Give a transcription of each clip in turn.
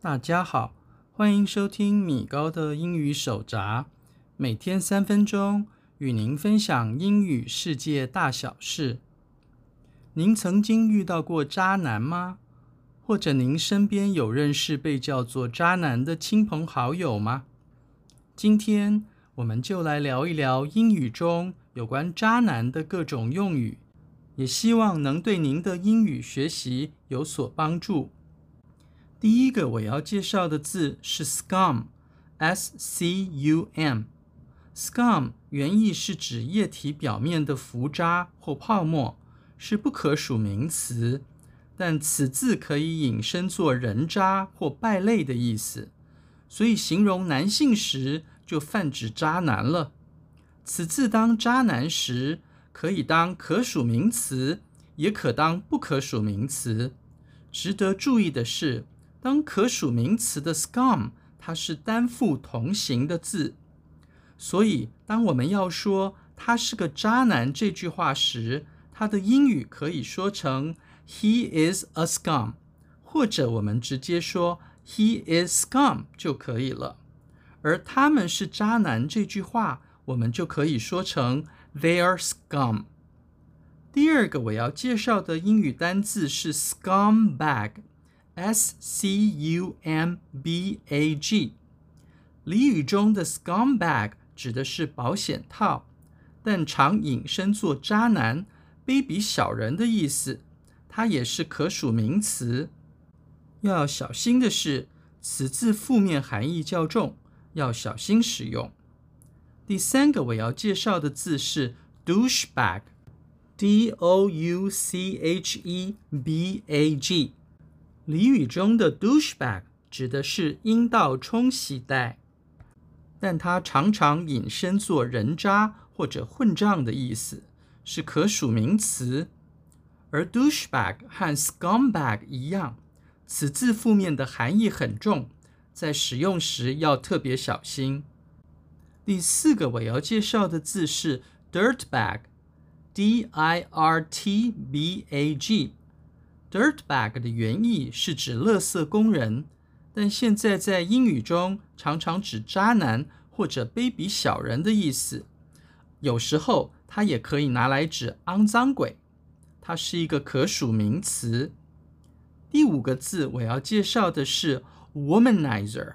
大家好，歡迎收聽米高的英語手札，每天三分鐘，與您分享英語世界大小事。您曾經遇到過渣男嗎？或者您身邊有認識被叫做渣男的親朋好友嗎？今天我們就來聊一聊英語中有關渣男的各種用語。也希望能對您的英語學習有所幫助。第一個我要介紹的字是 “scum”，s c u m。scum 原意是指液體表面的浮渣或泡沫，是不可數名詞，但此字可以引申做人渣或敗類的意思，所以形容男性時就泛指渣男了。此字當渣男時。可以當可數名詞，也可當不可數名詞。值得注意的是，當可數名詞的 scum，它是單複同形的字。所以，當我們要說他是個渣男這句話時，他的英語可以說成 He is a scum，或者我們直接說 He is scum 就可以了。而他們是渣男這句話，我們就可以說成。They are scum。第二個我要介紹的英語單字是 scumbag，s c u m b a g。俚語中的 scumbag 指的是保險套，但常引申作渣男、卑鄙小人的意思。它也是可數名詞。要小心的是，此字負面含義較重，要小心使用。第三個我要介紹的字是 douchebag，D O U C H E B A G。俚語中的 douchebag 指的是陰道沖洗袋，但它常常引申做人渣或者混賬的意思，是可數名詞。而 douchebag 和 scumbag 一樣，此字負面的含義很重，在使用時要特別小心。第四個我要介紹的字是 dirtbag，D-I-R-T-B-A-G。dirtbag 的原意是指垃圾工人，但現在在英語中常常指渣男或者卑鄙小人的意思。有時候它也可以拿來指骯髒鬼。它是一個可數名詞。第五個字我要介紹的是 womanizer。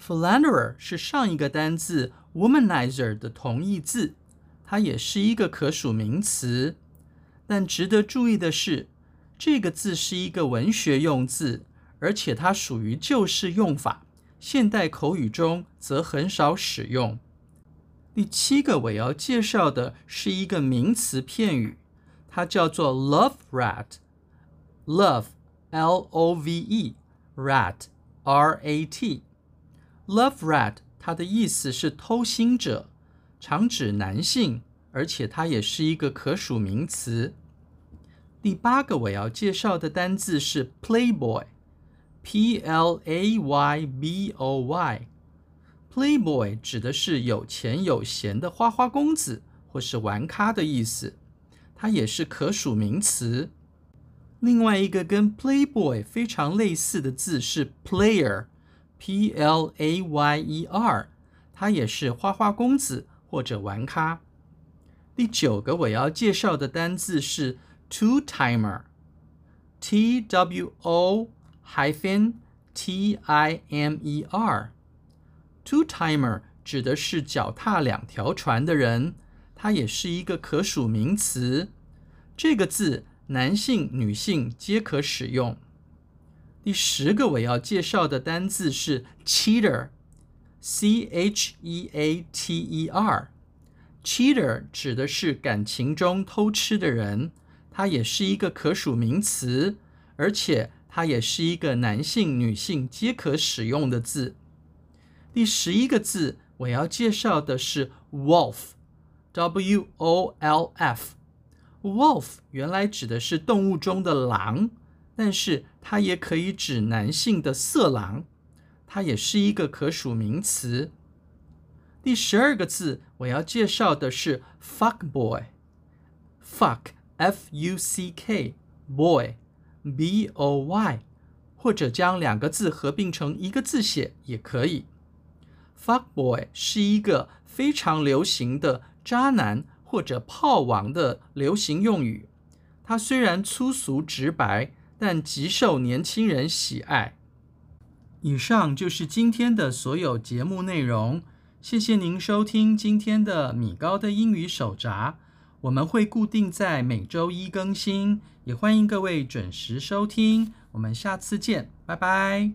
Philanderer 是上一個單字 womanizer 的同義字，它也是一個可數名詞。但值得注意的是，這個字是一個文學用字，而且它屬於舊式用法，現代口語中則很少使用。第七個我要介紹的是一個名詞片語，它叫做 love rat，love l o v e rat r a t。Love rat，它的意思是偷腥者，常指男性，而且它也是一個可數名詞。第八個我要介紹的單字是 Playboy，P L A Y B O Y。Playboy 指的是有錢有閒的花花公子，或是玩咖的意思，它也是可數名詞。另外一個跟 Playboy 非常類似的字是 Player。Player，他也是花花公子或者玩咖。第九個我要介紹的單字是 two-timer，t w o t i m e r，two-timer 指的是腳踏兩條船的人，它也是一個可數名詞，這個字男性女性皆可使用。第十個我要介紹的單字是 cheater，C H E A T E R。cheater 指的是感情中偷吃的人，它也是一個可數名詞，而且它也是一個男性、女性皆可使用的字。第十一個字我要介紹的是 wolf，W O L F。wolf 原來指的是動物中的狼。但是它也可以指男性的色狼，它也是一個可數名詞。第十二個字我要介紹的是 fuckboy，“fuck boy”，fuck f u c k boy b o y，或者將兩個字合併成一個字寫也可以。fuck boy 是一個非常流行的渣男或者炮王的流行用語，它雖然粗俗直白，但極受年輕人喜愛。以上就是今天的所有節目內容，謝謝您收聽今天的米高的英語手札。我們會固定在每周一更新，也歡迎各位準時收聽。我們下次見，拜拜。